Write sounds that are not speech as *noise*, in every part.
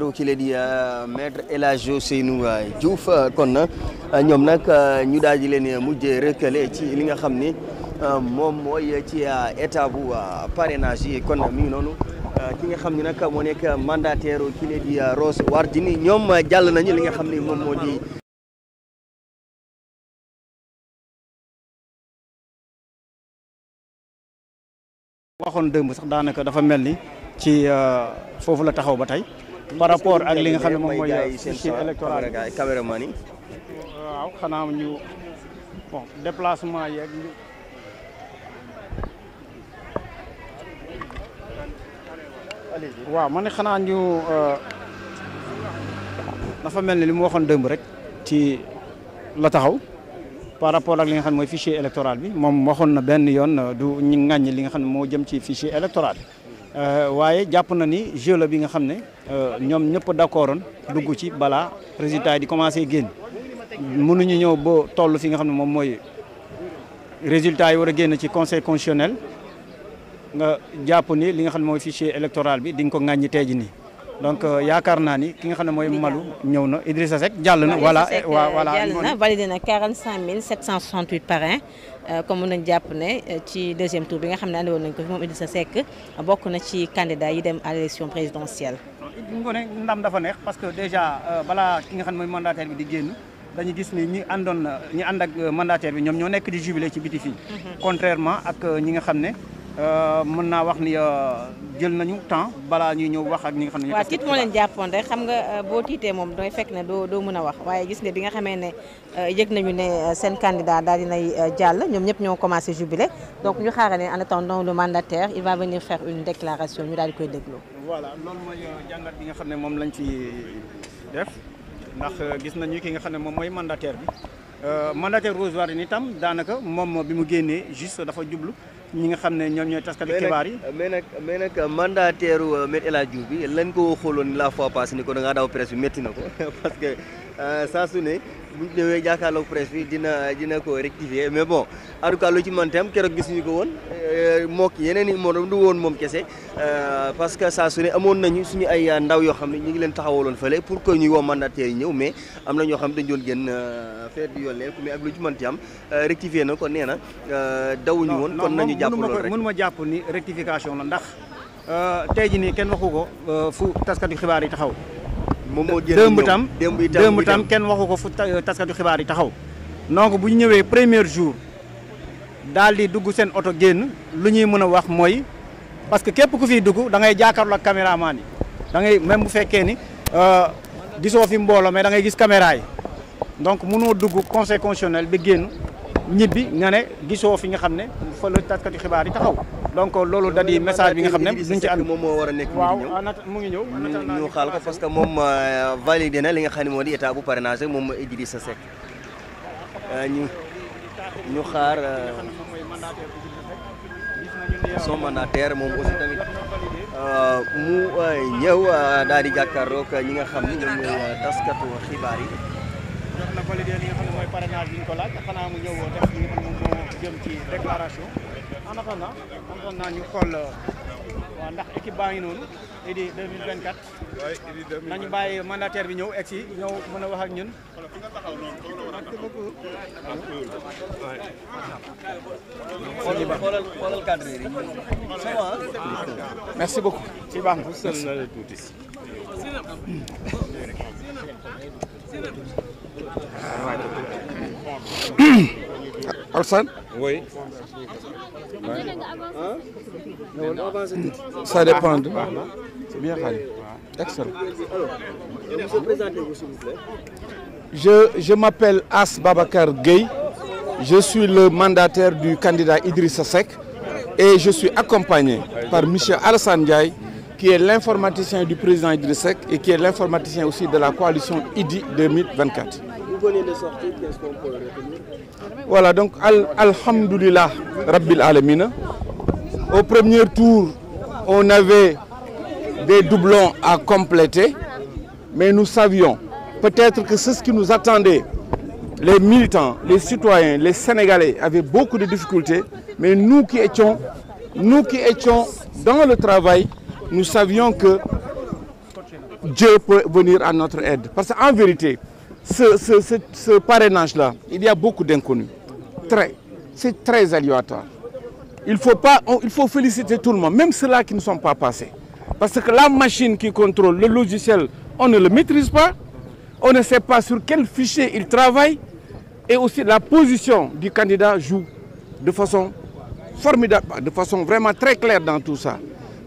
jërëjëf ki la di euh, maître El Hadj Ousseynou euh, Diouf euh, kon ñoom nag ñu daal di leen mujjee rëkkale ci li nga xam ni moom mooy ci état bu parrainage yi kon mi ngi noonu ki nga xam ni nag moo nekk mandataire ki la di Rose Wardini ñoom jàll nañu li nga xam ni moom moo di. waxoon dëmb sax daanaka dafa mel ni ci foofu la taxaw ba tey. par rapport ak li nga xam ne mooy fichier électoral caméraman yi waaw xanaa ñu bon déplacement yeeg waaw ma ne xanaa ñu euh, dafa mel ni li mu waxoon dëmb rek ci la taxaw par rapport ak li nga xam ne mooy fichier électoral bi moom waxoon na benn yoon euh, du ñu ŋàññ li nga xam ne moo jëm ci fichier électoral bi Euh, waaye jàpp na ni jeu bi nga xam ne euh, ñoom ñëpp d'accord oon dugg ci balaa résultat yi di commencer génn mënuñu ñëw ba toll fi nga xam ne moom mooy résultat yi war a génn ci conseil constitutionnel nga jàpp ni li nga xam ne mooy fichier électoral bi di nga ko ŋàññi tey ji nii donc euh, yaakaar naa ni ki nga xam ne mooy Malou ñëw na Idrissa a jàll na. jàll na validé na 45 euh, comme mën nañ jàpp ne euh, ci deuxième tour bi nga xam ne andi woon nañ ko fi moom Idrissa Seck bokk na ci candidat yi dem à l'élection présidentielle. Ngoné ndam dafa neex parce que déjà balaa ki nga xam ne mooy mandataire bi di génn. dañu gis ni ñi àndoon ñi ànd ak mandataire bi ñoom ñoo nekk di jubilé ci biti fii. Mhm. contrairement ak ñi nga xam ne Euh, mën naa wax ni euh, jël nañu temps balaa ñuy ñëw wax ak ñi nga xam ne. waaw tiit leen jàppoon rek xam nga euh, boo tiitee moom dooy fekk ne doo doo mën a wax waaye gis nga bi nga xamee ne yëg nañu ne seen candidat daal dinay jàll ñoom ñëpp ñoo commencé jubilé donc ñu xaare ne en attendant le mandataire il va venir faire une déclaration daal di koy déglu. voilà loolu mooy jàngat bi nga xam ne moom lañ ci def ndax gis nañu ki nga xam ne moom mooy mandataire bi mandataire Rose Wardini tam daanaka moom bi mu génnee juste dafa jublu. ñi nga xam ne ñoom ñooy taskati xibaar yi mais nag mais nag mandataire euh, Me El Hadji Diouf bi lañ ko waxooloon la fois passée ni ko da ngaa daw presse bi ko *laughs* parce que euh, saa su bu ñu ñëwee jàkkaarloog presse bi dina dina ko rectifier mais bon en tout cas lu ci mën tam keroog gisuñu ko woon euh, mook yeneen i moom du woon moom kese euh, parce que saa su ne amoon nañu suñu ay ndaw yoo xam ne ñu ngi leen taxawaloon fële pour que ñuy woo mandataires yi ñëw mais am na ñoo xam dañ doon gën euh, faire du yoon mais ak lu ci mën ci am rectifier na ko nee na dawuñu woon kon nañu jàpp loolu rek mënuma jàpp ni rectification la ndax tey ji nii kenn waxu ko fu taskati xibaar yi taxaw moom moo jël démb tam démb tam kenn waxu ko fu euh, taskatu xibaar yi taxaw donc bu ñu ñëwee première jour daal di dugg seen oto génn lu ñuy mën a wax mooy parce que képp ku fiy dugg da ngay jàkkaarloo ak caméraman yi da ngay même bu fekkee ni disoo euh, fi mbooloo mais da ngay gis caméra yi donc mënoo dugg conseil bi génn ñibbi nga ne gisoo fi nga xam ne fa la taskati xibaar yi taxaw donc loolu da di message bi nga xam ne duñ ci am moom moo war a nekk waaw mu ngi ñëw ñu xaal ko parce que moom euh, validé na li nga xam ne moo di état bu parrainage moom Idrissa Seck euh, ñu ñu xaar euh, son mandataire mu ñëw daal di jàkkaarloog ñi nga xam ne ñoom ñooy taskatu xibaar yi jot na validé li nga xam ne mooy parrainage bi ñu ko laaj xanaa mu ñëw def li nga xam ne moom moo jëm ci déclaration en attendant en ñu xool waaw ndax équipe baa ngi noonu Idy 2024 nañu bàyyi mandataire bi ñëw egg si ñëw mën a wax ak ñun merci beaucoup ci baax *clears throat* Alsan oui ça dépend de c'est bien Khalil je m'appelle As Babacar Gueye je suis le mandataire du candidat Idrissa Seck et je suis accompagné par monsieur Alassane Ndiaye qui est l'informaticien du président Idriss et qui est l'informaticien aussi de la coalition IDI 2024. Vous venez Voilà, donc Alhamdulillah Rabbil Alamina. Au premier tour, on avait des doublons à compléter, mais nous savions peut-être que c'est ce qui nous attendait. Les militants, les citoyens, les Sénégalais avaient beaucoup de difficultés, mais nous qui étions, dans le travail, nous savions que Dieu peut venir à notre aide. Parce qu'en vérité, ce, ce, ce, ce parrainage-là, il y a beaucoup d'inconnus. C'est très aléatoire. Il faut, pas, on, il faut féliciter tout le monde, même ceux-là qui ne sont pas passés. Parce que la machine qui contrôle le logiciel, on ne le maîtrise pas. On ne sait pas sur quel fichier il travaille. Et aussi la position du candidat joue de façon formidable, de façon vraiment très claire dans tout ça.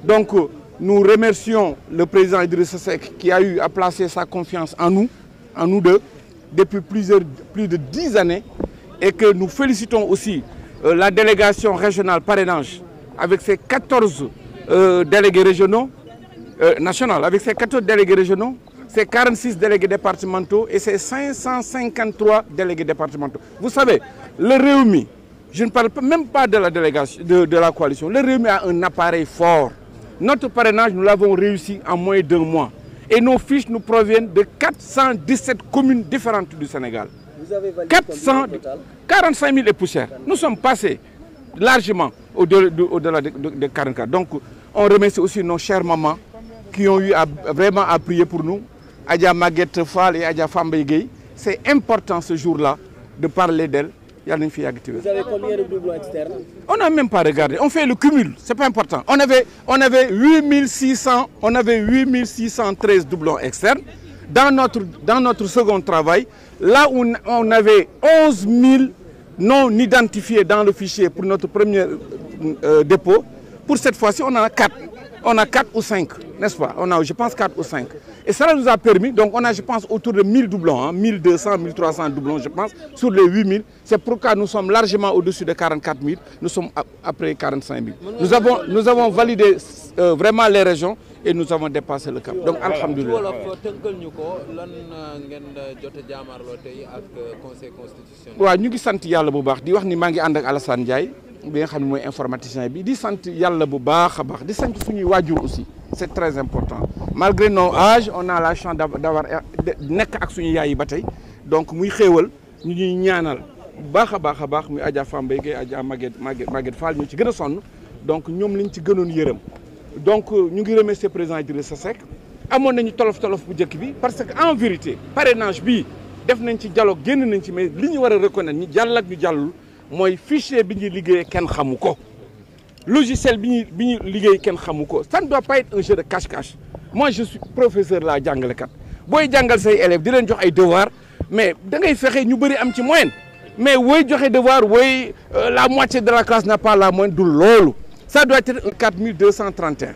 Euh, Nous remercions le président Idriss Seck à placer sa confiance en nous, en nous deux, depuis plusieurs, plus de dix années et que nous félicitons aussi euh, la délégation régionale parrainage avec ses 14 euh, délégués régionaux, euh, nationaux, avec ses 14 délégués régionaux, ses 46 délégués départementaux et ses 553 délégués départementaux. Vous savez, le Réumi, je ne parle même pas de la délégation, de, de la coalition, le Réumi a un appareil Notre parrainage, nous l'avons réussi en moins d'un mois. Et nos fiches nous proviennent de 417 communes différentes du Sénégal. Vous avez validé 400, au total 45 000 et poussières. Nous sommes passés largement au-delà de, au Donc, on aussi nos chères mamans vraiment à pour nous. Adja Maguette Fall et Adja Fambeguei. C'est important ce jour-là de parler d'elles yàlla nañu fi yàgg tiwér vous avez combien de doublons externes on n'a même pas regardé on fait le cumul c'est pas important on avait on avait 8600 on dans notre dans notre second travail là où on avait 11000 non identifiés dans le fichier pour notre premier euh, euh dépôt pour cette fois-ci on en a 4 on a 4 ou 5 n'est-ce pas on a je pense 4 ou 5 Et cela nous a permis, donc on a je pense autour de 1000 doublons, hein, 1200, 1300 doublons je pense, sur les 8000. C'est pourquoi nous sommes largement au-dessus de 44 000, nous sommes après 45 000. Nous avons, nous avons validé euh, vraiment les régions et nous avons dépassé le cap. Donc alhamdoulilah. Euh, euh, euh, waaw ñu ngi sant yàlla bu baax di wax ni maa ngi ànd ak Alassane Ndiaye bi nga xam mooy informaticien bi di sant yàlla bu baax a baax di sant suñuy waajur aussi c'est très important malgré nos âges on a la chance d'avoir eh, nekk ak suñu yaay yi ba tey donc muy xéewal ñu ñuy ñaanal baax a baax a baax muy Adja Famba Gueye Adja Maguette Maguette Maguette Fall ñu ci gën a sonn donc ñoom ñu ci gënoon yërëm donc ñu ngi remercier président sa Seck amoon nañu tolof tolof bu njëkk bi parce que en vérité parrainage bi def nañ ci jaloo génn nañ ci mais li ñu war a reconnaître ñu jàll ak ñu jàllul mooy fichier bi ñuy liggéeye kenn xamu ko logiciel bi ñu bi ñuy liggéey kenn xamu ko ça ne doit pas être un jeu de cache-cache moi je suis professeur laa jàngalekat booy jàngal say élèves di leen jox ay devoir mais da ngay fexe ñu bëri am ci moyenne mais wooy joxe devoir wooy euh, la moitié de la classe n'a pas la moyenne du loolu ça doit être un 4231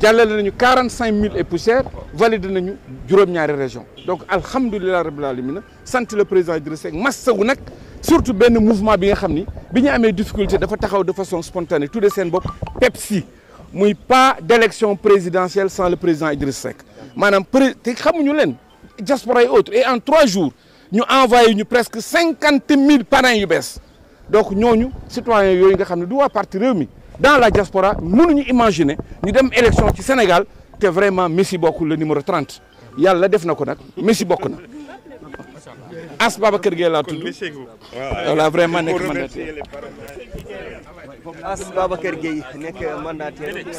jàllale nañu 45000 et poussière valide nañu juróom-ñaari région donc alhamdulilah rabbil alamina sant le président Idrissa Seck massa wu nag surtout benn mouvement bi nga xam ni bi ñu amee difficulté dafa taxaw de façon spontanée tuddee seen bopp PEPSI muy pas d'élection présidentielle sans le président Idriss Seck maanaam pré te xamuñu leen diaspora et autres et en trois jours ñu envoyé ñu presque cinquante mille parrains yu bees donc ñooñu citoyens yooyu nga xam ne du waa parti réew mi dans la diaspora ñu imaginer ñu dem élection ci Sénégal te vraiment Messi bokkul le numéro 30 yàlla def na ko nag Messi bokk na. As Babacar Gueye laa tudd voilà vraiment nekk mandataire As Babacar Gueye nekk mandataire